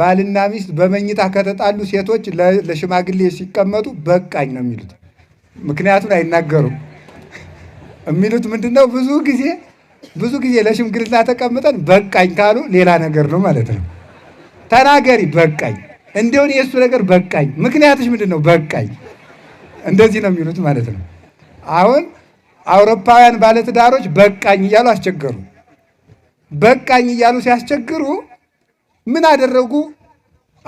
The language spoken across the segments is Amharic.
ባልና ሚስት በመኝታ ከተጣሉ ሴቶች ለሽማግሌ ሲቀመጡ በቃኝ ነው የሚሉት። ምክንያቱን አይናገሩም። የሚሉት ምንድነው ብዙ ጊዜ ብዙ ጊዜ ለሽምግልና ተቀምጠን በቃኝ ካሉ ሌላ ነገር ነው ማለት ነው። ተናገሪ በቃኝ፣ እንዲሁን የእሱ ነገር በቃኝ፣ ምክንያትሽ ምንድን ነው? በቃኝ። እንደዚህ ነው የሚሉት ማለት ነው። አሁን አውሮፓውያን ባለትዳሮች በቃኝ እያሉ አስቸገሩ። በቃኝ እያሉ ሲያስቸግሩ ምን አደረጉ?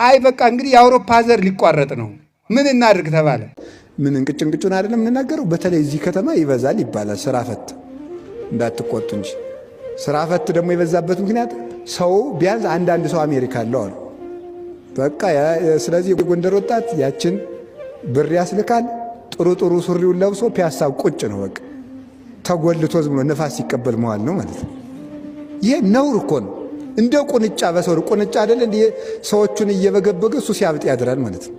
አይ በቃ እንግዲህ የአውሮፓ ዘር ሊቋረጥ ነው፣ ምን እናድርግ ተባለ። ምን እንቅጭንቅጩን አይደለም የምንናገረው። በተለይ እዚህ ከተማ ይበዛል ይባላል ስራ ፈት። እንዳትቆጡ እንጂ ስራ ፈት ደግሞ የበዛበት ምክንያት ሰው ቢያንስ አንዳንድ ሰው አሜሪካ አለው አሉ። በቃ ስለዚህ የጎንደር ወጣት ያችን ብር ያስልካል። ጥሩ ጥሩ ሱሪውን ለብሶ ፒያሳ ቁጭ ነው። በቃ ተጎልቶ ዝም ብሎ ነፋስ ሲቀበል መዋል ነው ማለት ነው። ይሄ ነውር እኮ ነው። እንደ ቁንጫ በሰው ቁንጫ አደለ እንደ ሰዎቹን እየበገበገ እሱ ሲያብጥ ያድራል ማለት ነው።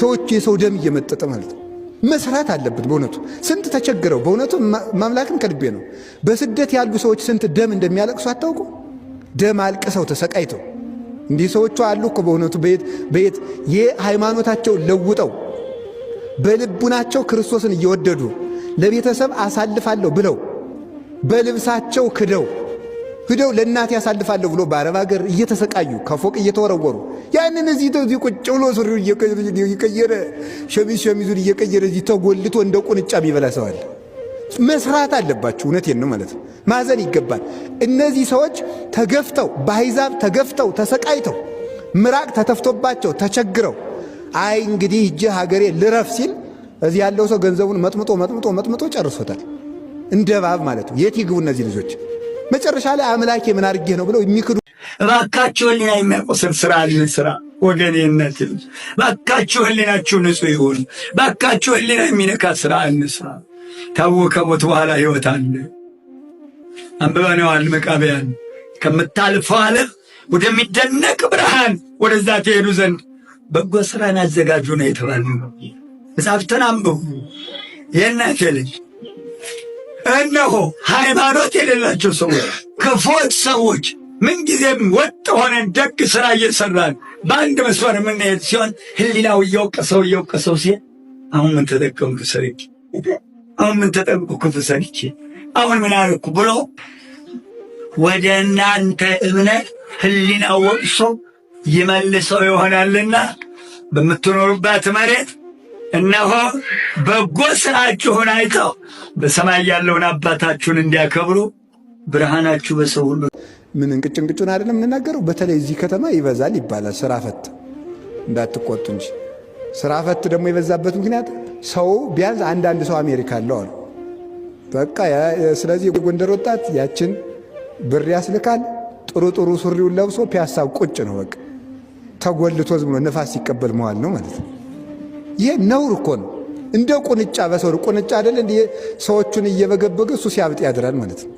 ሰዎቹ የሰው ደም እየመጠጠ ማለት ነው። መስራት አለብን። በእውነቱ ስንት ተቸግረው በእውነቱ ማምላክን ከልቤ ነው። በስደት ያሉ ሰዎች ስንት ደም እንደሚያለቅሱ አታውቁ። ደም አልቅሰው ተሰቃይተው እንዲህ ሰዎቹ አሉ እኮ በእውነቱ በየት የሃይማኖታቸው ለውጠው በልቡናቸው ክርስቶስን እየወደዱ ለቤተሰብ አሳልፋለሁ ብለው በልብሳቸው ክደው ሂደው ለእናቴ ያሳልፋለሁ ብሎ በአረብ ሀገር እየተሰቃዩ ከፎቅ እየተወረወሩ ያንን እዚህ ቁጭ ብሎ ሱሪው እየቀየረ ሸሚዝ ሸሚዙን እየቀየረ እዚህ ተጎልቶ እንደ ቁንጫ የሚበላ ሰዋል። መስራት አለባችሁ። እውነቴን ነው ማለት ነው። ማዘን ይገባል። እነዚህ ሰዎች ተገፍተው በአሕዛብ ተገፍተው ተሰቃይተው ምራቅ ተተፍቶባቸው ተቸግረው አይ እንግዲህ እጅ ሀገሬ ልረፍ ሲል እዚህ ያለው ሰው ገንዘቡን መጥምጦ መጥምጦ መጥምጦ ጨርሶታል። እንደ እባብ ማለት ነው። የት ይግቡ እነዚህ ልጆች? መጨረሻ ላይ አምላኬ ምን አድርጌ ነው ብለው የሚክዱ ባካችሁ፣ ህሊና የሚያቆስል ስራ ስራ ወገኔነት ባካችሁ፣ ህሊናችሁ ንጹህ ይሁን። ባካችሁ፣ ህሊና የሚነካ ስራ እንስራ። ታው ከሞት በኋላ ህይወት አለ። አንብበነዋል። መቃቢያን ከምታልፈው ዓለም ወደሚደነቅ ብርሃን ወደዛ ትሄዱ ዘንድ በጎ ስራን አዘጋጁ ነው የተባለ መጽሐፍትን አንብቡ። የእናቴ ልጅ እነሆ ሃይማኖት የሌላቸው ሰዎች፣ ክፉዎች ሰዎች ምንጊዜም ወጥ ሆነን ደግ ስራ እየሰራን በአንድ መስመር የምንሄድ ሲሆን ህሊናው እየወቀሰው እየወቀሰው ሲሄድ አሁን ምን ተጠቀምኩ ሰርቼ፣ አሁን ምን ተጠምቁ ክፉ ሰርቼ፣ አሁን ምን አልኩ ብሎ ወደ እናንተ እምነት ህሊናው ወቅሶ ይመልሰው ይሆናልና በምትኖሩባት መሬት እነሆ በጎ ሥራችሁን አይተው በሰማይ ያለውን አባታችሁን እንዲያከብሩ ብርሃናችሁ በሰው ሁሉ ምን እንቅጭ አይደለም የምንናገረው። በተለይ እዚህ ከተማ ይበዛል ይባላል ስራ ፈት እንዳትቆጡ እንጂ ስራ ፈት ደግሞ የበዛበት ምክንያት ሰው ቢያንስ አንዳንድ ሰው አሜሪካ አለው አሉ በቃ። ስለዚህ የጎንደር ወጣት ያችን ብር ያስልካል። ጥሩ ጥሩ ሱሪውን ለብሶ ፒያሳው ቁጭ ነው በቃ ተጎልቶ ዝም ብሎ ነፋስ ሲቀበል መዋል ነው ማለት ነው። ይሄ ነውር እኮ ነው። እንደ ቁንጫ በሰው ቁንጫ አደለ እንደ ሰዎቹን እየበገበገ እሱ ሲያብጥ ያድራል ማለት ነው።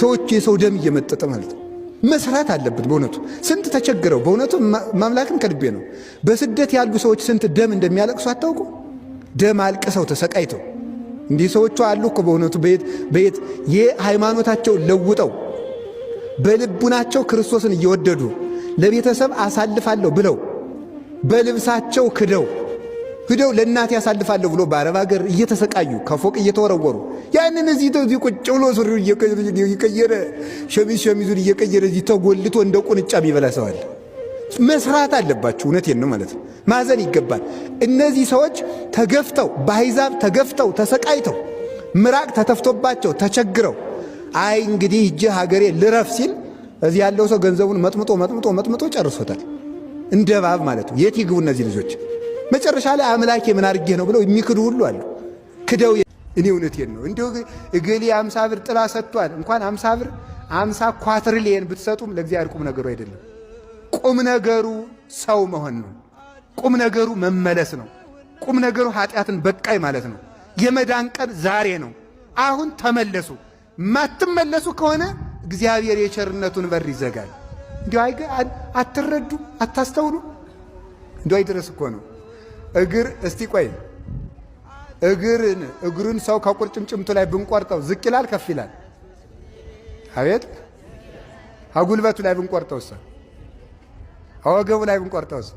ሰዎች የሰው ደም እየመጠጠ ማለት ነው። መስራት አለበት በእውነቱ ስንት ተቸግረው በእውነቱ ማምላክን ከልቤ ነው። በስደት ያሉ ሰዎች ስንት ደም እንደሚያለቅሱ አታውቁ? ደም አልቅሰው ተሰቃይተው እንዲህ ሰዎቹ አሉ እኮ በእውነቱ በየት የሃይማኖታቸውን ለውጠው በልቡናቸው ክርስቶስን እየወደዱ ለቤተሰብ አሳልፋለሁ ብለው በልብሳቸው ክደው ሂደው ለእናቴ ያሳልፋለሁ ብሎ በአረብ ሀገር እየተሰቃዩ ከፎቅ እየተወረወሩ ያንን እዚህ ተዚህ ቁጭ ብሎ ሱሪ እየቀየረ ሸሚዝ ሸሚዙን እየቀየረ እዚህ ተጎልቶ እንደ ቁንጫ የሚበላ ሰዋል። መስራት አለባችሁ። እውነቴን ነው ማለት ነው። ማዘን ይገባል። እነዚህ ሰዎች ተገፍተው በአሕዛብ ተገፍተው ተሰቃይተው ምራቅ ተተፍቶባቸው ተቸግረው አይ እንግዲህ እጅ ሀገሬ ልረፍ ሲል እዚህ ያለው ሰው ገንዘቡን መጥምጦ መጥምጦ መጥምጦ ጨርሶታል። እንደ እባብ ማለት ነው። የት ይግቡ እነዚህ ልጆች? መጨረሻ ላይ አምላኬ ምን አድርጌ ነው ብለው የሚክዱ ሁሉ አሉ። ክደው እኔ እውነቴን ነው እንዲሁ እገሌ አምሳ ብር ጥላ ሰጥቷል። እንኳን አምሳ ብር አምሳ ኳትሪሊየን ብትሰጡም ለእግዚአብሔር ቁም ነገሩ አይደለም። ቁም ነገሩ ሰው መሆን ነው። ቁም ነገሩ መመለስ ነው። ቁም ነገሩ ኃጢአትን በቃይ ማለት ነው። የመዳን ቀን ዛሬ ነው። አሁን ተመለሱ። ማትመለሱ ከሆነ እግዚአብሔር የቸርነቱን በር ይዘጋል። እንዲሁ አትረዱ፣ አታስተውሉ። እንዲ አይደረስ እኮ ነው። እግር እስቲ ቆይ እግርን እግሩን ሰው ከቁርጭምጭምቱ ላይ ብንቆርጠው ዝቅ ይላል ከፍ ይላል? አቤት ከጉልበቱ ላይ ብንቆርጠውስ? አወገቡ ላይ ብንቆርጠውስ?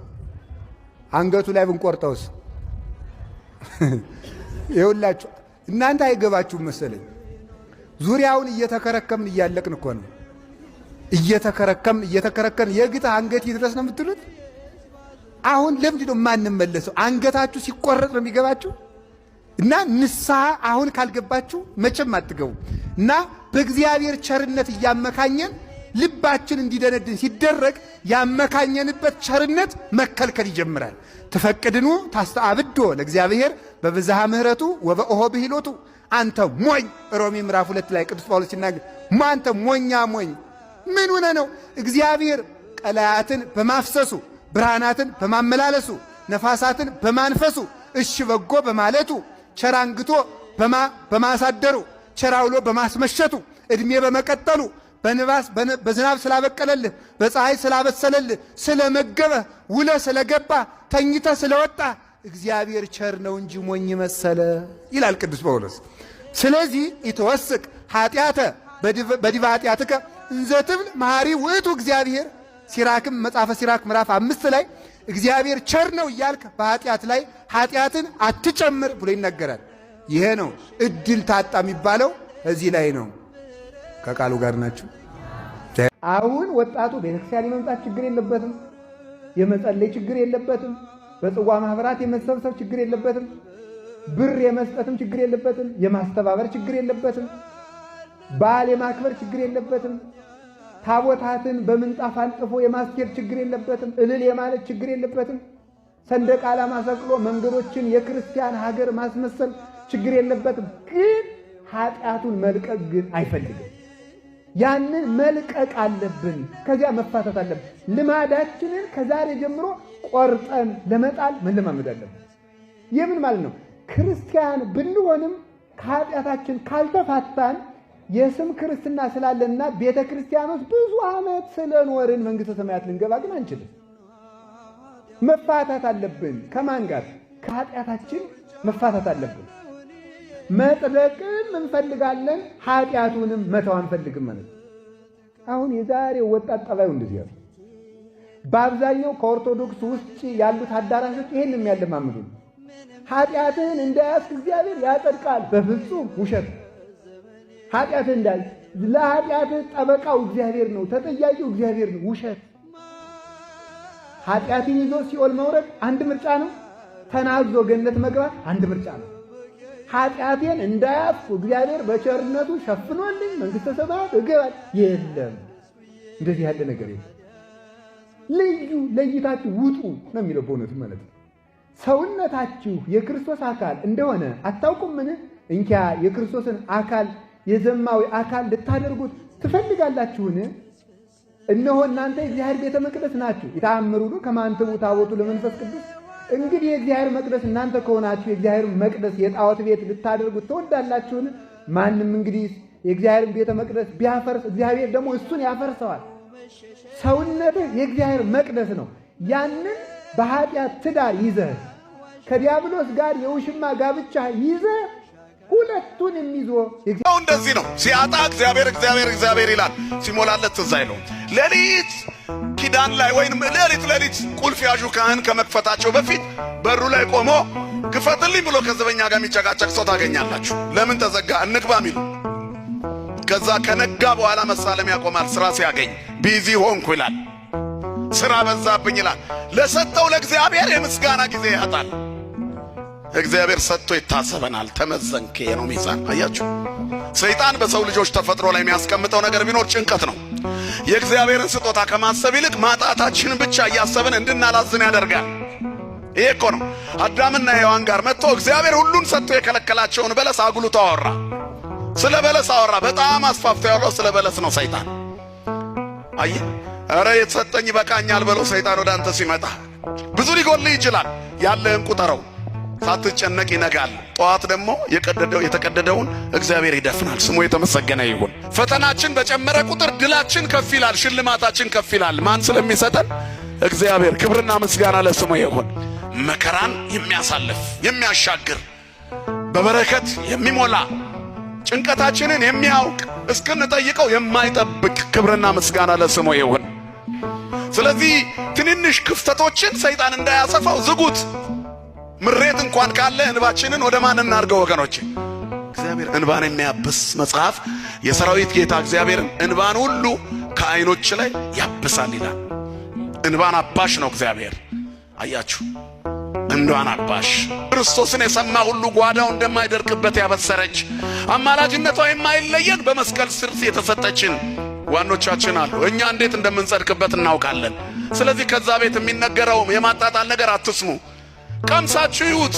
አንገቱ ላይ ብንቆርጠውስ? ይኸውላችሁ እናንተ አይገባችሁም መሰለኝ። ዙሪያውን እየተከረከምን እያለቅን እኮ ነው። እየተከረከምን እየተከረከምን የግጥ አንገት ይድረስ ነው የምትሉት አሁን ለምንድን ነው የማንመለሰው? አንገታችሁ ሲቆረጥ ነው የሚገባችሁ። እና ንስሐ አሁን ካልገባችሁ መቼም አትገቡ። እና በእግዚአብሔር ቸርነት እያመካኘን ልባችን እንዲደነድን ሲደረግ ያመካኘንበት ቸርነት መከልከል ይጀምራል። ትፈቅድኑ ታስተአብዶ ለእግዚአብሔር በብዝሃ ምሕረቱ ወበኦሆ ብሂሎቱ አንተ ሞኝ፣ ሮሜ ምዕራፍ ሁለት ላይ ቅዱስ ጳውሎስ ሲናገር አንተ ሞኛ ሞኝ ምን ሆነ ነው እግዚአብሔር ቀላያትን በማፍሰሱ ብርሃናትን በማመላለሱ ነፋሳትን በማንፈሱ እሽ በጎ በማለቱ ቸር አንግቶ በማሳደሩ ቸር አውሎ በማስመሸቱ እድሜ በመቀጠሉ በንባስ በዝናብ ስላበቀለልህ በፀሐይ ስላበሰለልህ ስለመገበህ ውለ ስለገባ ተኝተ ስለወጣ እግዚአብሔር ቸር ነው እንጂ ሞኝ መሰለ ይላል ቅዱስ ጳውሎስ። ስለዚህ ኢትወስቅ ኃጢአተ በዲበ ኃጢአትከ እንዘ ትብል መሐሪ ውእቱ እግዚአብሔር ሲራክም መጽሐፈ ሲራክ ምዕራፍ አምስት ላይ እግዚአብሔር ቸር ነው እያልክ በኃጢአት ላይ ኃጢአትን አትጨምር ብሎ ይነገራል። ይሄ ነው እድል ታጣ የሚባለው እዚህ ላይ ነው። ከቃሉ ጋር ናቸው። አሁን ወጣቱ ቤተክርስቲያን የመምጣት ችግር የለበትም። የመጸለይ ችግር የለበትም። በጽዋ ማህበራት የመሰብሰብ ችግር የለበትም። ብር የመስጠትም ችግር የለበትም። የማስተባበር ችግር የለበትም። በዓል የማክበር ችግር የለበትም። ታቦታትን በምንጣፍ አንጥፎ የማስኬድ ችግር የለበትም። እልል የማለት ችግር የለበትም። ሰንደቅ ዓላማ ሰቅሎ መንገዶችን የክርስቲያን ሀገር ማስመሰል ችግር የለበትም። ግን ኃጢአቱን መልቀቅ ግን አይፈልግም። ያንን መልቀቅ አለብን። ከዚያ መፋታት አለብን። ልማዳችንን ከዛሬ ጀምሮ ቆርጠን ለመጣል መለማመድ አለብን። ይህ ምን ማለት ነው? ክርስቲያን ብንሆንም ከኃጢአታችን ካልተፋታን የስም ክርስትና ስላለንና ቤተ ክርስቲያኖች ብዙ ዓመት ስለኖርን መንግሥተ ሰማያት ልንገባ ግን አንችልም። መፋታት አለብን። ከማን ጋር? ከኃጢአታችን መፋታት አለብን። መጥበቅም እንፈልጋለን፣ ኃጢአቱንም መተው አንፈልግም ማለት አሁን የዛሬው ወጣት ጠባዩ እንደዚህ ያሉ በአብዛኛው ከኦርቶዶክስ ውስጭ ያሉት አዳራሾች ይህን የሚያለማምዱ ኃጢአትህን እንዳያስክ እግዚአብሔር ያጸድቃል። በፍጹም ውሸት ኃጢአት እንዳል ለኃጢአት ጠበቃው እግዚአብሔር ነው፣ ተጠያቂው እግዚአብሔር ነው። ውሸት። ኃጢአትን ይዞ ሲኦል መውረድ አንድ ምርጫ ነው። ተናዞ ገነት መግባት አንድ ምርጫ ነው። ኃጢአቴን እንዳያፍኩ እግዚአብሔር በቸርነቱ ሸፍኖልኝ መንግሥተ ሰማያት እገባል። የለም እንደዚህ ያለ ነገር የለም። ልዩ ለይታችሁ ውጡ ነው የሚለው በእውነቱ ማለት ነው። ሰውነታችሁ የክርስቶስ አካል እንደሆነ አታውቁምን? እንኪያ የክርስቶስን አካል የዘማዊ አካል ልታደርጉት ትፈልጋላችሁን? እነሆ እናንተ የእግዚአብሔር ቤተ መቅደስ ናችሁ። ሁሉ ከማንትቡ ታቦቱ ለመንፈስ ቅዱስ። እንግዲህ የእግዚአብሔር መቅደስ እናንተ ከሆናችሁ የእግዚአብሔር መቅደስ የጣዖት ቤት ልታደርጉት ትወዳላችሁን? ማንም እንግዲህ የእግዚአብሔር ቤተ መቅደስ ቢያፈርስ እግዚአብሔር ደግሞ እሱን ያፈርሰዋል። ሰውነትህ የእግዚአብሔር መቅደስ ነው። ያንን በኃጢአት ትዳር ይዘህ ከዲያብሎስ ጋር የውሽማ ጋብቻ ይዘህ ሁለቱን የሚዞ እንደዚህ ነው። ሲያጣ እግዚአብሔር እግዚአብሔር እግዚአብሔር ይላል፣ ሲሞላለት ትዝ አይለውም። ሌሊት ኪዳን ላይ ወይም ሌሊት ሌሊት ቁልፍ ያዡ ካህን ከመክፈታቸው በፊት በሩ ላይ ቆሞ ክፈትልኝ ብሎ ከዘበኛ ጋር የሚጨቃጨቅ ሰው ታገኛላችሁ። ለምን ተዘጋ እንግባ ሚሉ ከዛ ከነጋ በኋላ መሳለም ያቆማል። ስራ ሲያገኝ ቢዚ ሆንኩ ይላል፣ ስራ በዛብኝ ይላል። ለሰጠው ለእግዚአብሔር የምስጋና ጊዜ ያጣል። እግዚአብሔር ሰጥቶ ይታሰበናል። ተመዘንከ የነው ሚዛን። አያችሁ፣ ሰይጣን በሰው ልጆች ተፈጥሮ ላይ የሚያስቀምጠው ነገር ቢኖር ጭንቀት ነው። የእግዚአብሔርን ስጦታ ከማሰብ ይልቅ ማጣታችንን ብቻ እያሰብን እንድናላዝን ያደርጋል። ይሄ እኮ ነው አዳምና ሔዋን ጋር መጥቶ እግዚአብሔር ሁሉን ሰጥቶ የከለከላቸውን በለስ አጉልቶ አወራ። ስለ በለስ አወራ። በጣም አስፋፍቶ ያወራው ስለ በለስ ነው ሰይጣን። አይ ኧረ የተሰጠኝ በቃኛል በለው ሰይጣን ወደ አንተ ሲመጣ ብዙ ሊጎልህ ይችላል። ያለህን ቁጠረው ሳትጨነቅ ይነጋል። ጠዋት ደግሞ የቀደደው የተቀደደውን እግዚአብሔር ይደፍናል። ስሙ የተመሰገነ ይሁን። ፈተናችን በጨመረ ቁጥር ድላችን ከፍ ይላል፣ ሽልማታችን ከፍ ይላል። ማን ስለሚሰጠን? እግዚአብሔር። ክብርና ምስጋና ለስሙ ይሁን። መከራን የሚያሳልፍ የሚያሻግር በበረከት የሚሞላ ጭንቀታችንን የሚያውቅ እስክንጠይቀው የማይጠብቅ ክብርና ምስጋና ለስሙ ይሁን። ስለዚህ ትንንሽ ክፍተቶችን ሰይጣን እንዳያሰፋው ዝጉት። ምሬት እንኳን ካለ እንባችንን ወደ ማን እናድርገው? ወገኖቼ እግዚአብሔር እንባን የሚያብስ መጽሐፍ የሰራዊት ጌታ እግዚአብሔርን እንባን ሁሉ ከዓይኖች ላይ ያብሳል ይላል። እንባን አባሽ ነው እግዚአብሔር። አያችሁ፣ እንባን አባሽ ክርስቶስን የሰማ ሁሉ ጓዳው እንደማይደርቅበት ያበሰረች አማላጅነቷ የማይለየን በመስቀል ስር የተሰጠችን ዋኖቻችን አሉ። እኛ እንዴት እንደምንጸድቅበት እናውቃለን። ስለዚህ ከዛ ቤት የሚነገረውም የማጣጣል ነገር አትስሙ። ቀምሳችሁ ይዩት።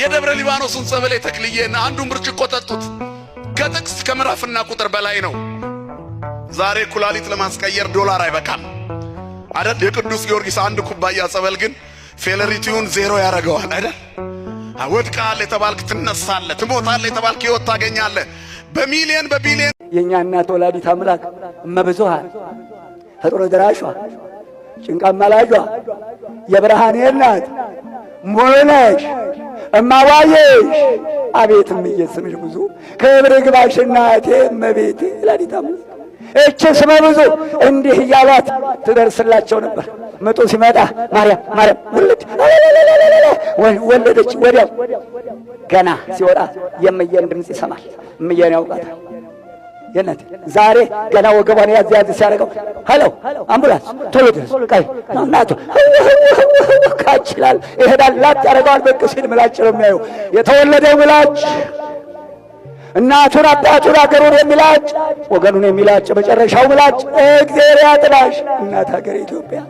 የደብረ ሊባኖስን ጸበሌ ተክልዬና አንዱን ብርጭቆ ጠጡት። ከጥቅስ ከምዕራፍና ቁጥር በላይ ነው። ዛሬ ኩላሊት ለማስቀየር ዶላር አይበቃም አይደል? የቅዱስ ጊዮርጊስ አንድ ኩባያ ጸበል ግን ፌለሪቲውን ዜሮ ያደርገዋል አይደል? ወድቃል የተባልክ ትነሳለ፣ ትሞታለ የተባልክ ህይወት ታገኛለ። በሚሊየን በቢሊየን የእኛ እናት ወላዲት አምላክ እመብዙሃ ፈጥሮ ደራሿ ጭንቃ መላጇ የብርሃኔ እናት ሞነሽ እማዋየሽ አቤት እምዬ ስምሽ ብዙ ክብር ይግባሽ እናቴ እመቤቴ ላዲታ እች ስመ ብዙ እንዲህ እያሏት ትደርስላቸው ነበር። ምጡ ሲመጣ ማርያም ማርያም ውልድ ወለደች። ወዲያው ገና ሲወጣ የምየን ድምፅ ይሰማል። እምየን ያውቃታል። የእናቴ ዛሬ ገና ወገቧን ያዝ ያዝ ሲያደርገው ሄሎ አምቡላንስ ቶሎ ድረስ ቀይ ናቶ ካችላል ይሄዳል። ላጥ ያደርገዋል። ብቅ ሲል ምላጭ ነው የሚያዩ የተወለደው ምላጭ እናቱን አባቱን አገሩን የሚላጭ ወገኑን የሚላጭ መጨረሻው ምላጭ እግዜር ያጥናሽ እናት ሀገር ኢትዮጵያ።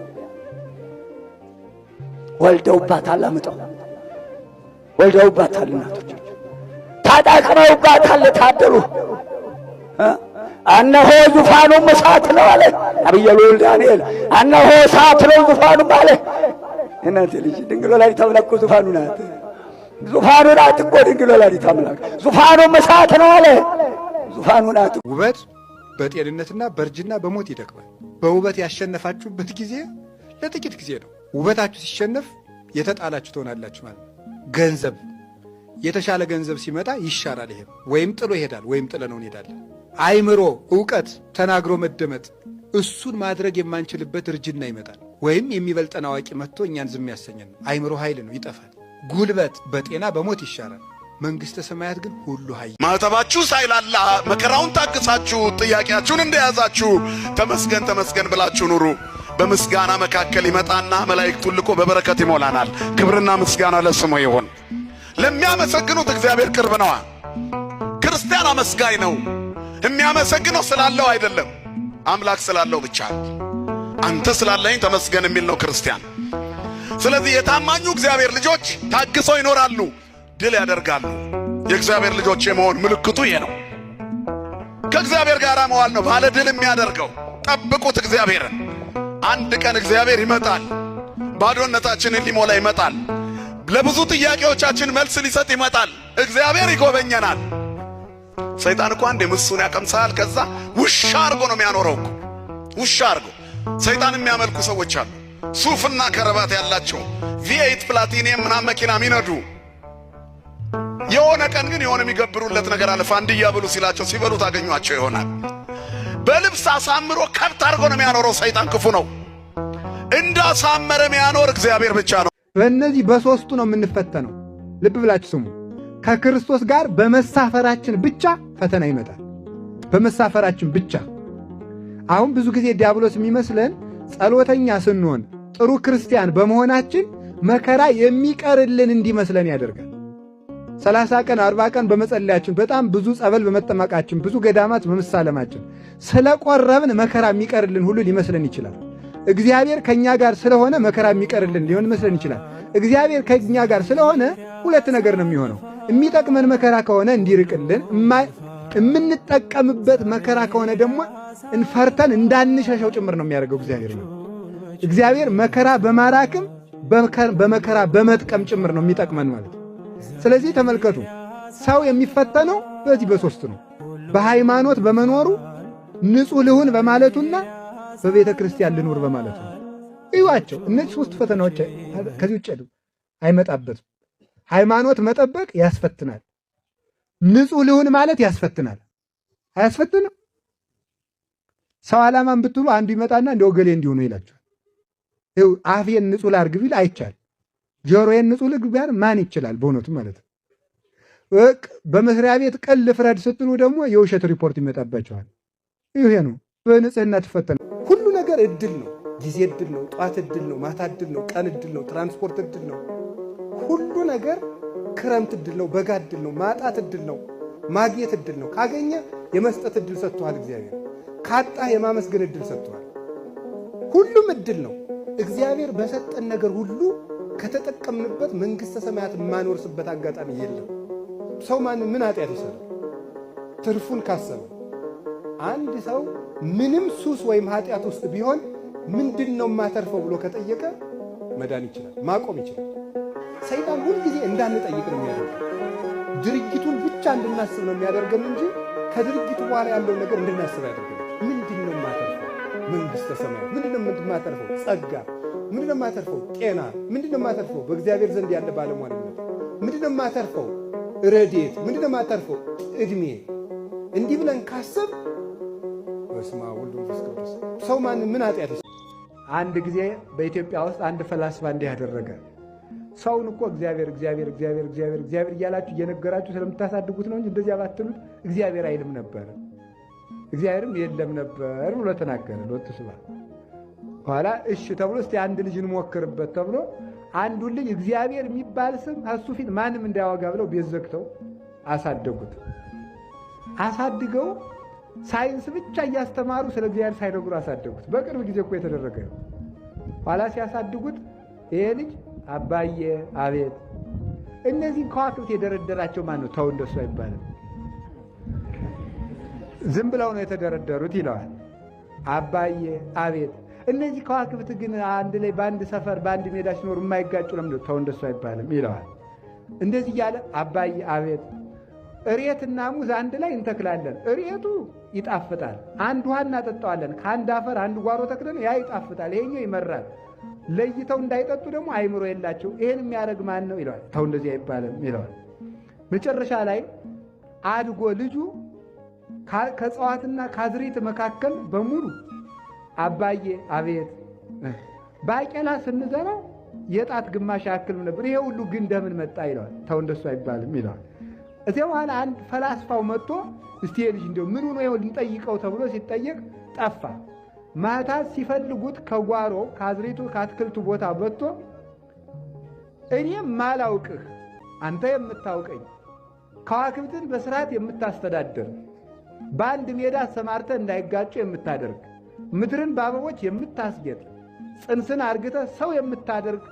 ወልደውባታል፣ አምጠው ወልደውባታል፣ እናቶች ታጠቅመውባታል፣ ታደሉ አነሆ ዙፋኑም እሳት ነው አለ ነቢየ ልዑል ዳንኤል። አነሆ እሳት ነው ዙፋኑም አለ። እናንተ ልጅ ድንግል ወላዲተ አምላክ ዙፋኑ ናት፣ ዙፋኑ ናት እኮ ድንግል ወላዲተ አምላክ። ዙፋኑም እሳት ነው አለ፣ ዙፋኑ ናት። ውበት በጤንነትና በእርጅና በሞት ይደክማል። በውበት ያሸነፋችሁበት ጊዜ ለጥቂት ጊዜ ነው። ውበታችሁ ሲሸነፍ የተጣላችሁ ትሆናላችሁ ማለት ነው። ገንዘብ የተሻለ ገንዘብ ሲመጣ ይሻላል ይሄም ወይም ጥሎ ይሄዳል፣ ወይም ነው እንሄዳለን። አይምሮ፣ እውቀት ተናግሮ መደመጥ እሱን ማድረግ የማንችልበት እርጅና ይመጣል። ወይም የሚበልጠን አዋቂ መጥቶ እኛን ዝም ያሰኘን። አይምሮ ኃይል ነው፣ ይጠፋል። ጉልበት በጤና በሞት ይሻላል። መንግሥተ ሰማያት ግን ሁሉ ኃይ ማዕተባችሁ ሳይላላ መከራውን ታቅሳችሁ ጥያቄያችሁን እንደያዛችሁ ተመስገን ተመስገን ብላችሁ ኑሩ። በምስጋና መካከል ይመጣና መላእክቱን ልኮ በበረከት ይሞላናል። ክብርና ምስጋና ለስሙ ይሁን። ለሚያመሰግኑት እግዚአብሔር ቅርብ ነዋ። ክርስቲያን አመስጋኝ ነው። የሚያመሰግነው ስላለው አይደለም፣ አምላክ ስላለው ብቻ። አንተ ስላለኝ ተመስገን የሚል ነው ክርስቲያን። ስለዚህ የታማኙ እግዚአብሔር ልጆች ታግሰው ይኖራሉ፣ ድል ያደርጋሉ። የእግዚአብሔር ልጆች የመሆን ምልክቱ ይሄ ነው። ከእግዚአብሔር ጋር መዋል ነው ባለ ድል የሚያደርገው። ጠብቁት እግዚአብሔርን። አንድ ቀን እግዚአብሔር ይመጣል፣ ባዶነታችንን ሊሞላ ይመጣል። ለብዙ ጥያቄዎቻችን መልስ ሊሰጥ ይመጣል። እግዚአብሔር ይጎበኘናል። ሰይጣን እኮ አንዴ ምሱን ያቀምሳል። ከዛ ውሻ አርጎ ነው የሚያኖረው እኮ ውሻ አርጎ። ሰይጣን የሚያመልኩ ሰዎች አሉ፣ ሱፍና ከረባት ያላቸው ቪኤይት ፕላቲኒየም ምናምን መኪና ሚነዱ። የሆነ ቀን ግን የሆነ የሚገብሩለት ነገር አለ። ፋንዲያ ብሉ ሲላቸው ሲበሉ ታገኟቸው ይሆናል። በልብስ አሳምሮ ከብት አርጎ ነው የሚያኖረው። ሰይጣን ክፉ ነው። እንዳሳመረ የሚያኖር እግዚአብሔር ብቻ ነው። በእነዚህ በሶስቱ ነው የምንፈተነው። ልብ ብላችሁ ስሙ። ከክርስቶስ ጋር በመሳፈራችን ብቻ ፈተና ይመጣል። በመሳፈራችን ብቻ። አሁን ብዙ ጊዜ ዲያብሎስ የሚመስለን ጸሎተኛ ስንሆን ጥሩ ክርስቲያን በመሆናችን መከራ የሚቀርልን እንዲመስለን ያደርጋል። ሰላሳ ቀን አርባ ቀን በመጸለያችን በጣም ብዙ ጸበል በመጠመቃችን ብዙ ገዳማት በመሳለማችን ስለቆረብን መከራ የሚቀርልን ሁሉ ሊመስለን ይችላል። እግዚአብሔር ከእኛ ጋር ስለሆነ መከራ የሚቀርልን ሊሆን ይችላል። እግዚአብሔር ከእኛ ጋር ስለሆነ ሁለት ነገር ነው የሚሆነው። የሚጠቅመን መከራ ከሆነ እንዲርቅልን፣ የምንጠቀምበት መከራ ከሆነ ደግሞ እንፈርተን እንዳንሸሸው ጭምር ነው የሚያደርገው እግዚአብሔር ነው። እግዚአብሔር መከራ በማራክም በመከራ በመጥቀም ጭምር ነው የሚጠቅመን ማለት ነው። ስለዚህ ተመልከቱ፣ ሰው የሚፈተነው በዚህ በሶስት ነው። በሃይማኖት በመኖሩ ንጹህ ልሁን በማለቱና በቤተ ክርስቲያን ልኑር በማለቱ እዩዋቸው። እነዚህ ሶስት ፈተናዎች ከዚህ ውጭ አይመጣበትም። ሃይማኖት መጠበቅ ያስፈትናል። ንጹህ ልሁን ማለት ያስፈትናል። አያስፈትንም? ሰው ዓላማን ብትሉ አንዱ ይመጣና እንደ ወገሌ እንዲሆኑ ይላቸዋል። ይኸው አፌን ንጹህ ላርግ ቢል አይቻል። ጆሮዬን ንጹህ ልግ ቢያር ማን ይችላል? በእውነቱ ማለት ነው። በመስሪያ ቤት ቀን ልፍረድ ስትሉ ደግሞ የውሸት ሪፖርት ይመጣባቸዋል። ይሄ ነው በንጽህና ትፈተነ። ሁሉ ነገር እድል ነው። ጊዜ እድል ነው። ጠዋት እድል ነው። ማታ እድል ነው። ቀን እድል ነው። ትራንስፖርት እድል ነው። ሁሉ ነገር ክረምት እድል ነው፣ በጋ እድል ነው፣ ማጣት እድል ነው፣ ማግኘት እድል ነው። ካገኘ የመስጠት እድል ሰጥቷል እግዚአብሔር። ካጣ የማመስገን እድል ሰጥቷል። ሁሉም እድል ነው። እግዚአብሔር በሰጠን ነገር ሁሉ ከተጠቀምንበት መንግሥተ ሰማያት የማንወርስበት አጋጣሚ የለም። ሰው ማን ምን ኃጢአት ይሰራ ትርፉን ካሰበ አንድ ሰው ምንም ሱስ ወይም ኃጢአት ውስጥ ቢሆን ምንድን ነው የማተርፈው ብሎ ከጠየቀ መዳን ይችላል፣ ማቆም ይችላል። ሰይጣን ሁልጊዜ እንዳንጠይቅ ነው የሚያደርገው። ድርጊቱን ብቻ እንድናስብ ነው የሚያደርገን እንጂ ከድርጊቱ በኋላ ያለው ነገር እንድናስብ ያደርገን። ምንድን ነው የማተርፈው? መንግሥተ ሰማያት። ምንድን ነው የማተርፈው? ጸጋ። ምንድን ነው የማተርፈው? ጤና። ምንድን ነው የማተርፈው? በእግዚአብሔር ዘንድ ያለ ባለሟልነት። ምንድን ነው የማተርፈው? ረዴት። ምንድን ነው የማተርፈው? እድሜ። እንዲህ ብለን ካሰብ በስመ አብ ወወልድ ወመንፈስ ቅዱስ ሰው ማንን ምን ኃጢአት አንድ ጊዜ በኢትዮጵያ ውስጥ አንድ ፈላስፋ እንዲህ ያደረገ ሰውን እኮ እግዚአብሔር እግዚአብሔር እግዚአብሔር እግዚአብሔር እግዚአብሔር እያላችሁ እየነገራችሁ ስለምታሳድጉት ነው እንጂ እንደዚያ ባትሉት እግዚአብሔር አይልም ነበር፣ እግዚአብሔርም የለም ነበር ብሎ ተናገረ ሎጥ ስባ። በኋላ እሺ ተብሎ እስቲ አንድ ልጅ እንሞክርበት ተብሎ አንዱን ልጅ እግዚአብሔር የሚባል ስም ከሱ ፊት ማንም እንዳያወጋ ብለው ቤት ዘግተው አሳደጉት። አሳድገው ሳይንስ ብቻ እያስተማሩ ስለ እግዚአብሔር ሳይነግሩ አሳደጉት። በቅርብ ጊዜ እኮ የተደረገ ነው። ኋላ ሲያሳድጉት ይሄ ልጅ አባዬ አቤት። እነዚህን ከዋክብት የደረደራቸው ማን ነው? ተው እንደሱ አይባልም። ዝም ብለው ነው የተደረደሩት ይለዋል። አባዬ አቤት። እነዚህ ከዋክብት ግን አንድ ላይ በአንድ ሰፈር በአንድ ሜዳ ሲኖሩ የማይጋጩ ለምንድን ተው እንደሱ አይባልም ይለዋል። እንደዚህ እያለ አባዬ አቤት። እሬትና ሙዝ አንድ ላይ እንተክላለን። እሬቱ ይጣፍጣል፣ አንድ ውሃ እናጠጣዋለን። ከአንድ አፈር አንድ ጓሮ ተክለን ያ ይጣፍጣል፣ ይሄኛው ይመራል። ለይተው እንዳይጠጡ ደግሞ አይምሮ የላቸው። ይህን የሚያደርግ ማን ነው ይለዋል። ተው እንደዚህ አይባልም ይለዋል። መጨረሻ ላይ አድጎ ልጁ ከእጽዋትና ከአዝሪት መካከል በሙሉ አባዬ አቤት ባቄላ ስንዘራ የጣት ግማሽ ያክል ነበር፣ ይሄ ሁሉ ግን እንደምን መጣ ይለዋል። ተው እንደሱ አይባልም ይለዋል። እዚያ በኋላ አንድ ፈላስፋው መጥቶ እስቲ ልጅ ምን ሆኖ ይኸው ልንጠይቀው ተብሎ ሲጠየቅ ጠፋ። ማታት ሲፈልጉት ከጓሮ ከአዝሪቱ ከአትክልቱ ቦታ ወጥቶ እኔም ማላውቅህ አንተ የምታውቀኝ ከዋክብትን በስርዓት የምታስተዳድር በአንድ ሜዳ ሰማርተ እንዳይጋጩ የምታደርግ ምድርን በአበቦች የምታስጌጥ ጽንስን አርግተ ሰው የምታደርግ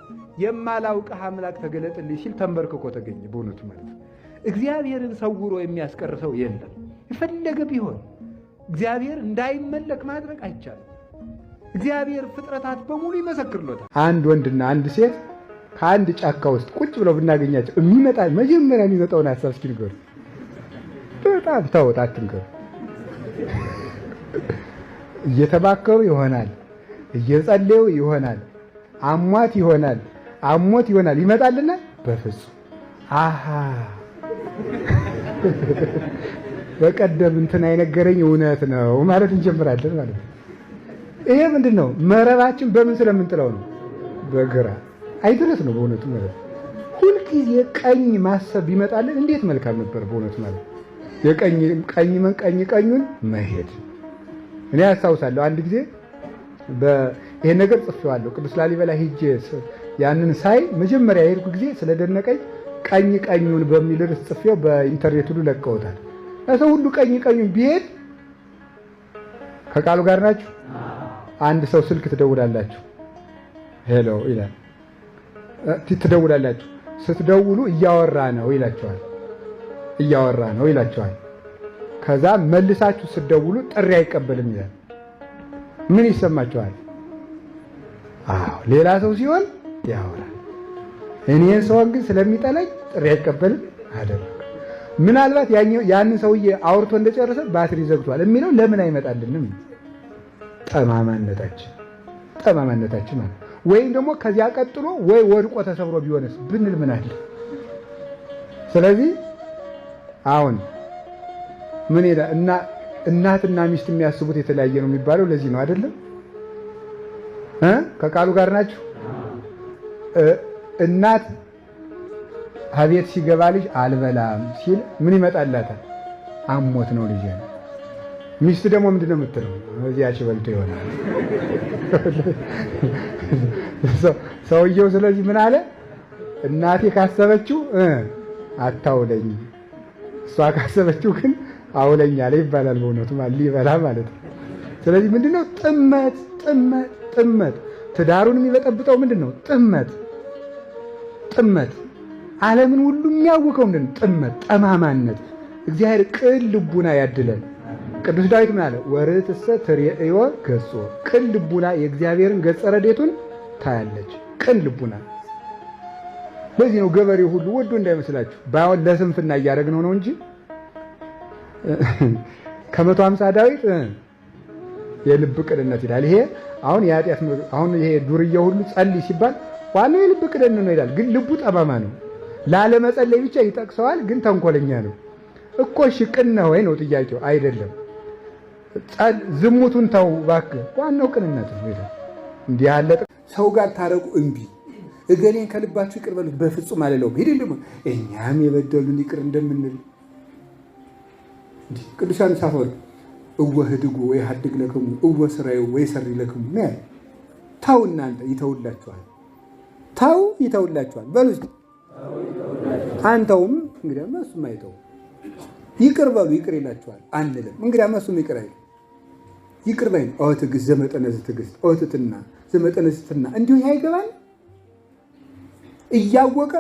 የማላውቅህ አምላክ ተገለጥልኝ ሲል ተንበርክኮ ተገኘ። በእውነቱ ማለት እግዚአብሔርን ሰውሮ የሚያስቀር ሰው የለም። የፈለገ ቢሆን እግዚአብሔር እንዳይመለክ ማድረግ አይቻልም። እግዚአብሔር ፍጥረታት በሙሉ ይመሰክርሎታል። አንድ ወንድና አንድ ሴት ከአንድ ጫካ ውስጥ ቁጭ ብለው ብናገኛቸው የሚመጣ መጀመሪያ የሚመጣውን ሀሳብ እስኪ ንገሩ። በጣም ተውት፣ አትንገሩ። እየተባከሩ ይሆናል፣ እየጸለዩ ይሆናል፣ አሟት ይሆናል፣ አሞት ይሆናል። ይመጣልና በፍጹም አሀ በቀደም እንትን አይነገረኝ እውነት ነው ማለት እንጀምራለን ማለት ነው። ይሄ ምንድን ነው? መረባችን በምን ስለምንጥለው ነው? በግራ አይድረስ ነው። በእውነቱ መረብ ሁልጊዜ ቀኝ ማሰብ ቢመጣልን እንዴት መልካም ነበር። በእውነቱ ማለት የቀኝ ቀኝ ቀኙን መሄድ እኔ ያስታውሳለሁ። አንድ ጊዜ ይሄን ነገር ጽፌዋለሁ። ቅዱስ ላሊበላ ሂጄ ያንን ሳይ መጀመሪያ የሄድኩ ጊዜ ስለደነቀኝ ቀኝ ቀኙን በሚል ርዕስ ጽፌው በኢንተርኔት ሁሉ ለቀውታል። ሰው ሁሉ ቀኝ ቀኙን ቢሄድ ከቃሉ ጋር ናችሁ አንድ ሰው ስልክ ትደውላላችሁ፣ ሄሎ ይላል። ትደውላላችሁ፣ ስትደውሉ እያወራ ነው ይላቸዋል። እያወራ ነው ይላቸዋል። ከዛ መልሳችሁ ስትደውሉ ጥሪ አይቀበልም ይላል። ምን ይሰማችኋል? አዎ ሌላ ሰው ሲሆን ያወራል። እኔን ሰውን ግን ስለሚጠላኝ ጥሪ አይቀበልም አደረግ ምናልባት ያንን ሰውዬ አውርቶ እንደጨረሰ ባትሪ ዘግቷል የሚለው ለምን አይመጣልንም? ጠማማነታችን ጠማማነታችን ማለት ወይም ደግሞ ከዚያ ቀጥሎ ወይ ወድቆ ተሰብሮ ቢሆንስ ብንል ምን አለ? ስለዚህ አሁን ምን ይላል እና እናትና ሚስት የሚያስቡት የተለያየ ነው የሚባለው ለዚህ ነው አይደለም እ ከቃሉ ጋር ናችሁ። እናት አቤት ሲገባ ልጅ አልበላም ሲል ምን ይመጣላታል? አሞት ነው ልጅ ሚስት ደግሞ ምንድን ነው የምትለው? እዚያች በልቶ ይሆናል ሰውየው። ስለዚህ ምን አለ? እናቴ ካሰበችው አታውለኝ፣ እሷ ካሰበችው ግን አውለኛ አለ ይባላል። በእውነቱ ይበላ ማለት ነው። ስለዚህ ምንድን ነው ጥመት ጥመት ጥመት ትዳሩን የሚበጠብጠው ምንድን ነው? ጥመት ጥመት ዓለምን ሁሉ የሚያውቀው ምንድን ነው? ጥመት ጠማማነት። እግዚአብሔር ቅን ልቡና ያድለን። ቅዱስ ዳዊት ምን አለ? ወርትሰ ትርእዮ ገጾ ቅን ልቡና የእግዚአብሔርን ገጸ ረዴቱን ታያለች። ቅን ልቡና በዚህ ነው ገበሬ ሁሉ ወዶ እንዳይመስላችሁ። ባይሆን ለስንፍና እያደረግነው ነው እንጂ ከመቶ ሃምሳ ዳዊት የልብ ቅንነት ይላል። ይሄ አሁን የኃጢአት አሁን ይሄ ዱርዬ ሁሉ ጸልይ ሲባል ዋናው የልብ ቅንነት ነው ይላል። ግን ልቡ ጠማማ ነው። ላለመጸለይ ብቻ ይጠቅሰዋል። ግን ተንኮለኛ ነው እኮ። እሺ ቅን ነህ ወይ ነው ጥያቄው? አይደለም። ዝሙቱን ተው እባክህ። ዋናው ቅንነት ነው። እንዲህ ያለ ሰው ጋር ታረቁ እምቢ እገሌን ከልባችሁ ይቅር በሉት። በፍጹም አልለውም። ሄድ ደግሞ እኛም የበደሉን ይቅር እንደምንል ቅዱስ ዮሐንስ አፈወርቅ እወ ህድጉ ወይሃድግ ለክሙ እወ ስራዩ ወይሰሪ ለክሙ ነው ያለ። ታው እናንተ ይተውላችኋል፣ ታው ይተውላችኋል በሉ እስኪ አንተውም። እንግዲያማ እሱም አይተውም። ይቅር በሉ ይቅር ይላችኋል አንልም። እንግዲያማ እሱም ይቅር አይልም። ይቅር በይ ኦ ትዕግስት ዘመጠነ ትዕግስት ኦ ትሕትና ዘመጠነ ትሕትና እንዲሁ ይህ አይገባል እያወቀ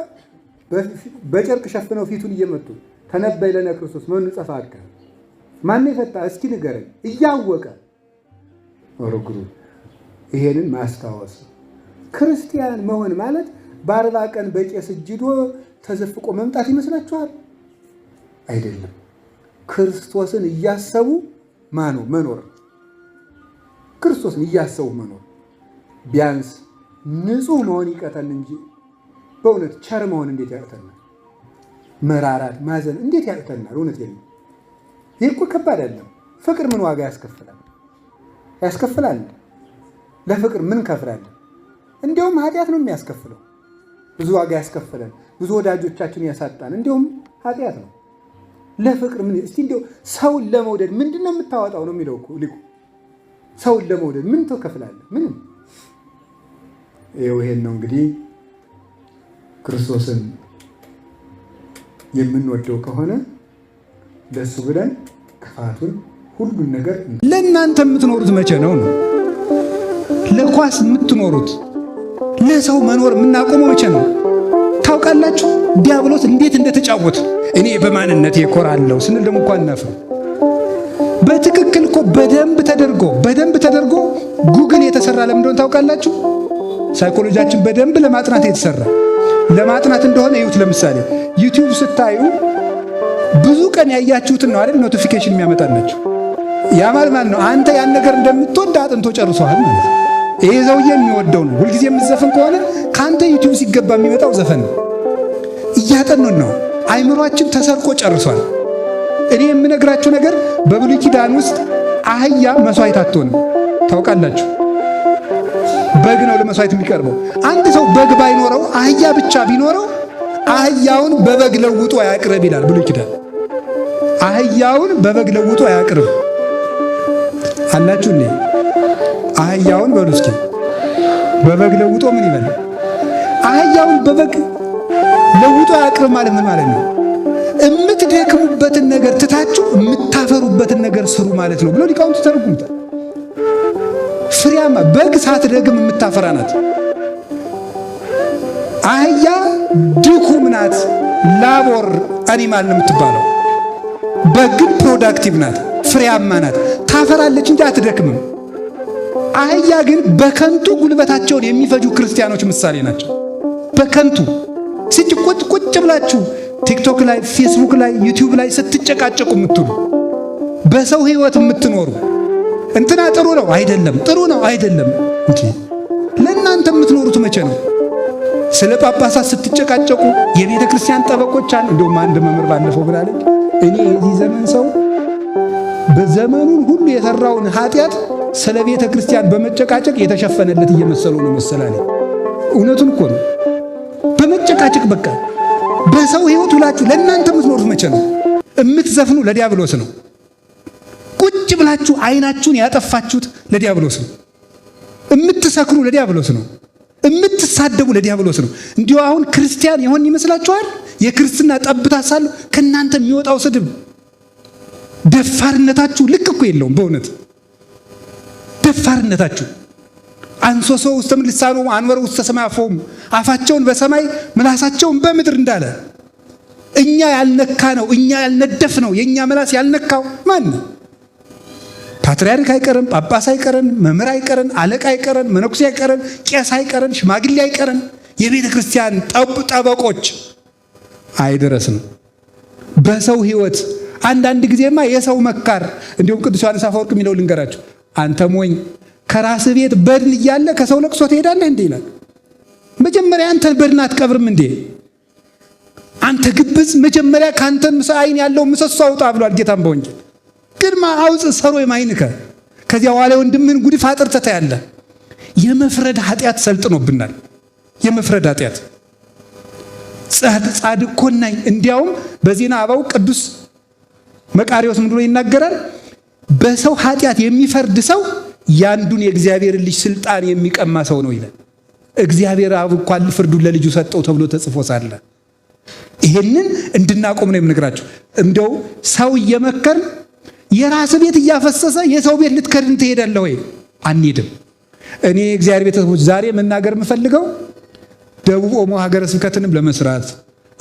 በጨርቅ ሸፍነው ፊቱን እየመጡ ተነበይ ለነ ክርስቶስ መኑ ጸፋከ ማን የፈታ እስኪ ንገረኝ እያወቀ ወርግሩ ይሄንን ማስታወስ ክርስቲያን መሆን ማለት በአርባ ቀን በቄስ እጅዶ ተዘፍቆ መምጣት ይመስላችኋል? አይደለም። ክርስቶስን እያሰቡ ማኖ መኖር ክርስቶስን እያሰቡ መኖር ቢያንስ ንጹህ መሆን ይቀተን እንጂ በእውነት ቸር መሆን እንዴት ያቅተናል? መራራት፣ ማዘን እንዴት ያቅተናል? እውነት የለም። ይህ እኮ ከባድ አይደለም። ፍቅር ምን ዋጋ ያስከፍላል? ያስከፍላል። ለፍቅር ምን ከፍላለን? እንዲያውም ኃጢአት ነው የሚያስከፍለው። ብዙ ዋጋ ያስከፍለን፣ ብዙ ወዳጆቻችን ያሳጣን፣ እንዲሁም ኃጢአት ነው። ለፍቅር ምን እስቲ እንዲያው ሰውን ለመውደድ ምንድን ነው የምታወጣው ነው የሚለው ሊቁ ሰውን ለመውደድ ምን ትከፍላለህ? ምንም። ይሄን ነው እንግዲህ ክርስቶስን የምንወደው ከሆነ ለሱ ብለን ክፋቱን ሁሉን ነገር ለእናንተ የምትኖሩት መቼ ነው ነው? ለኳስ የምትኖሩት ለሰው መኖር የምናቆመው መቼ ነው? ታውቃላችሁ ዲያብሎስ እንዴት እንደተጫወት እኔ በማንነቴ እኮራለሁ ስንል ደግሞ እንኳን እናፍር በትክክል እኮ በደንብ ተደርጎ በደንብ ተደርጎ ጉግል የተሰራ ለምን እንደሆነ ታውቃላችሁ? ሳይኮሎጂያችን በደንብ ለማጥናት የተሰራ ለማጥናት እንደሆነ ይዩት። ለምሳሌ ዩቲዩብ ስታዩ ብዙ ቀን ያያችሁትን ነው አይደል? ኖቲፊኬሽን የሚያመጣላችሁ ያ ማለት ነው። አንተ ያን ነገር እንደምትወድ አጥንቶ ጨርሷል ማለት ነው። ይሄ ሰውዬ የሚወደው ነው። ሁልጊዜ የምትዘፍን ከሆነ ከአንተ ዩቲዩብ ሲገባ የሚመጣው ዘፈን ነው። እያጠኑን ነው። አይምሯችን ተሰርቆ ጨርሷል። እኔ የምነግራችሁ ነገር በብሉይ ኪዳን ውስጥ አህያ መስዋዕት አትሆንም። ታውቃላችሁ፣ በግ ነው ለመስዋዕት የሚቀርበው። አንድ ሰው በግ ባይኖረው አህያ ብቻ ቢኖረው አህያውን በበግ ለውጦ አያቅርብ ይላል ብሉይ ኪዳን። አህያውን በበግ ለውጦ አያቅርብ አላችሁ። እኔ አህያውን በሉ እስኪ በበግ ለውጦ ምን ይበል? አህያውን በበግ ለውጦ አያቅርብ ማለት ምን ማለት ነው? የምትደክሙበትን ነገር ትታችሁ የምታፈሩበትን ነገር ስሩ ማለት ነው ብሎ ሊቃውንቱ ተረጉሙታል። ፍሬያማ በግ ሳትደግም የምታፈራ ናት። አህያ ድኩም ናት፣ ላቦር አኒማል ነው የምትባለው። በግን ፕሮዳክቲቭ ናት፣ ፍሬያማ ናት፣ ታፈራለች እንጂ አትደክምም። አህያ ግን በከንቱ ጉልበታቸውን የሚፈጁ ክርስቲያኖች ምሳሌ ናቸው። በከንቱ ሲጭ ቁጭ ብላችሁ ቲክቶክ ላይ፣ ፌስቡክ ላይ፣ ዩቲዩብ ላይ ስትጨቃጨቁ የምትሉ በሰው ህይወት የምትኖሩ እንትና ጥሩ ነው አይደለም፣ ጥሩ ነው አይደለም። እንጂ ለእናንተ የምትኖሩት መቼ ነው? ስለ ጳጳሳት ስትጨቃጨቁ የቤተ ክርስቲያን ጠበቆች አሉ። እንዲሁም አንድ መምህር ባለፈው ብላለች፣ እኔ የዚህ ዘመን ሰው በዘመኑን ሁሉ የሰራውን ኃጢአት ስለ ቤተ ክርስቲያን በመጨቃጨቅ የተሸፈነለት እየመሰለው ነው መሰላለ። እውነቱን እኮ ነው፣ በመጨቃጨቅ በቃ በሰው ህይወት ሁላችሁ ለእናንተ የምትኖሩት መቼ ነው? የምትዘፍኑ ለዲያብሎስ ነው። ቁጭ ብላችሁ አይናችሁን ያጠፋችሁት ለዲያብሎስ ነው። የምትሰክሩ ለዲያብሎስ ነው። የምትሳደቡ ለዲያብሎስ ነው። እንዲሁ አሁን ክርስቲያን የሆን ይመስላችኋል? የክርስትና ጠብታ ሳሉ ከእናንተ የሚወጣው ስድብ ደፋርነታችሁ ልክ እኮ የለውም። በእውነት ደፋርነታችሁ አንሶሶ ውስተ ምልሳኖሙ አንወረ ውስተ ሰማይ አፎሙ አፋቸውን በሰማይ ምላሳቸውን በምድር እንዳለ እኛ ያልነካ ነው እኛ ያልነደፍ ነው የእኛ ምላስ ያልነካው ማን ፓትርያርክ አይቀረን፣ ጳጳስ አይቀረን፣ መምህር አይቀረን፣ አለቃ አይቀረን፣ መነኩሴ አይቀረን፣ ቄስ አይቀረን፣ ሽማግሌ አይቀረን። የቤተ ክርስቲያን ጠበቆች አይደረስም በሰው ሕይወት አንዳንድ ጊዜማ የሰው መካር እንዲሁም ቅዱስ ዮሐንስ አፈወርቅ የሚለው ልንገራችሁ አንተ ሞኝ ከራስ ቤት በድን እያለ ከሰው ለቅሶ ትሄዳለህ እንዴ ይላል። መጀመሪያ አንተ በድን አትቀብርም እንዴ? አንተ ግብጽ፣ መጀመሪያ ከአንተ አይን ያለው ምሰሶ አውጣ ብሏል ጌታም በወንጌል ግድማ አውፅ ሰሮ የማይንከ ከዚያ በኋላ ወንድምህን ጉድፍ አጥርተህ ያለ የመፍረድ ኃጢአት ሰልጥኖብናል። የመፍረድ ኃጢአት ጻድቅ ኮናኝ። እንዲያውም በዜና አበው ቅዱስ መቃሪዎስ ምንድነው ይናገራል? በሰው ኃጢአት የሚፈርድ ሰው ያንዱን የእግዚአብሔር ልጅ ስልጣን የሚቀማ ሰው ነው ይላል። እግዚአብሔር አብ እንኳን ፍርዱን ለልጁ ሰጠው ተብሎ ተጽፎ ሳለ ይሄንን እንድናቆም ነው የምነግራቸው። እንደው ሰው እየመከርን የራስ ቤት እያፈሰሰ የሰው ቤት ልትከድን ትሄዳለህ ወይ? አንሄድም። እኔ እግዚአብሔር ቤተሰቦች ዛሬ መናገር የምፈልገው ደቡብ ኦሞ ሀገረ ስብከትንም ለመስራት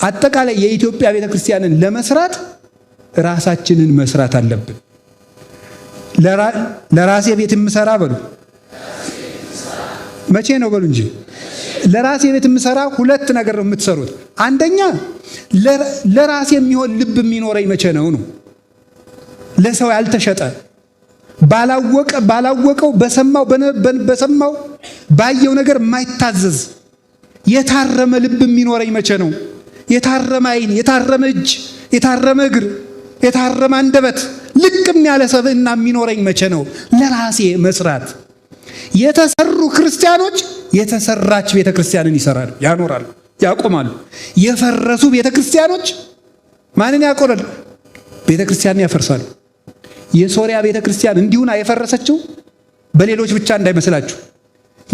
አጠቃላይ የኢትዮጵያ ቤተክርስቲያንን ለመስራት ራሳችንን መስራት አለብን። ለራሴ ቤት የምሰራ በሉ መቼ ነው በሉ እንጂ ለራሴ ቤት የምሰራ ሁለት ነገር ነው የምትሰሩት። አንደኛ ለራሴ የሚሆን ልብ የሚኖረኝ መቼ ነው ነው ለሰው ያልተሸጠ ባላወቀ ባላወቀው በሰማው በሰማው ባየው ነገር የማይታዘዝ የታረመ ልብ የሚኖረኝ መቼ ነው? የታረመ አይን፣ የታረመ እጅ፣ የታረመ እግር የታረመ አንደበት፣ ልቅም ያለ ሰብዕና የሚኖረኝ መቼ ነው? ለራሴ መስራት። የተሰሩ ክርስቲያኖች የተሰራች ቤተ ክርስቲያንን ይሰራሉ፣ ያኖራሉ፣ ያቆማሉ። የፈረሱ ቤተ ክርስቲያኖች ማንን ያቆላል? ቤተ ክርስቲያንን ያፈርሳሉ። የሶሪያ ቤተ ክርስቲያን እንዲሁና የፈረሰችው በሌሎች ብቻ እንዳይመስላችሁ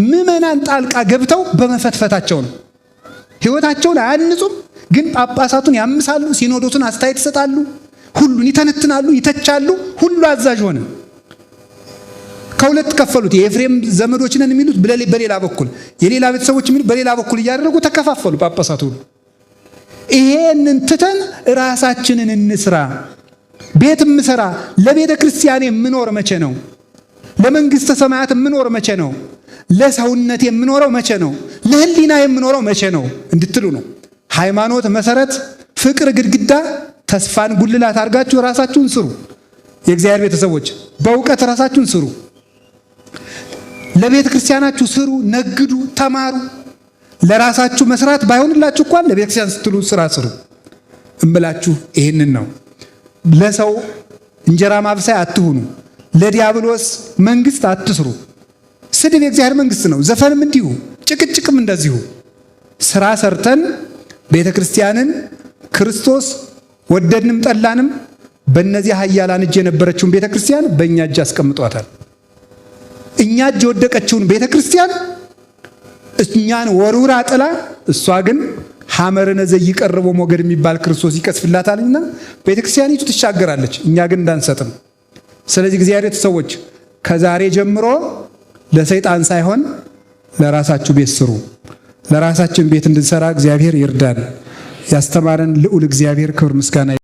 ምዕመናን ጣልቃ ገብተው በመፈትፈታቸው ነው። ህይወታቸውን አያንጹም፣ ግን ጳጳሳቱን ያምሳሉ፣ ሲኖዶቱን አስተያየት ይሰጣሉ። ሁሉን ይተነትናሉ፣ ይተቻሉ። ሁሉ አዛዥ ሆነ። ከሁለት ከፈሉት። የኤፍሬም ዘመዶች ነን የሚሉት በሌላ በኩል፣ የሌላ ቤተሰቦች የሚሉት በሌላ በኩል እያደረጉ ተከፋፈሉ ጳጳሳት ሁሉ። ይሄንን ትተን ራሳችንን እንስራ። ቤት ምሰራ ለቤተ ክርስቲያን የምኖር መቼ ነው? ለመንግስተ ሰማያት የምኖር መቼ ነው? ለሰውነት የምኖረው መቼ ነው? ለህሊና የምኖረው መቼ ነው እንድትሉ ነው። ሃይማኖት መሰረት ፍቅር ግድግዳ ተስፋን ጉልላት አድርጋችሁ ራሳችሁን ስሩ። የእግዚአብሔር ቤተሰቦች በእውቀት ራሳችሁን ስሩ። ለቤተ ክርስቲያናችሁ ስሩ፣ ነግዱ፣ ተማሩ። ለራሳችሁ መስራት ባይሆንላችሁ እንኳን ለቤተ ክርስቲያን ስትሉ ስራ ስሩ። እምላችሁ ይህንን ነው። ለሰው እንጀራ ማብሳይ አትሁኑ። ለዲያብሎስ መንግስት አትስሩ። ስድብ የእግዚአብሔር መንግስት ነው። ዘፈንም እንዲሁ፣ ጭቅጭቅም እንደዚሁ። ስራ ሰርተን ቤተ ክርስቲያንን ክርስቶስ ወደድንም ጠላንም በእነዚህ ኃያላን እጅ የነበረችውን ቤተ ክርስቲያን በእኛ እጅ አስቀምጧታል። እኛ እጅ የወደቀችውን ቤተ ክርስቲያን እኛን ወሩራ ጥላ፣ እሷ ግን ሐመርነ ዘይቀርቦ ሞገድ የሚባል ክርስቶስ ይቀስፍላታልና ቤተ ክርስቲያኒቱ ትሻገራለች። እኛ ግን እንዳንሰጥም። ስለዚህ እግዚአብሔር ሰዎች ከዛሬ ጀምሮ ለሰይጣን ሳይሆን ለራሳችሁ ቤት ስሩ። ለራሳችን ቤት እንድንሰራ እግዚአብሔር ይርዳን። ያስተማረን ልዑል እግዚአብሔር ክብር ምስጋና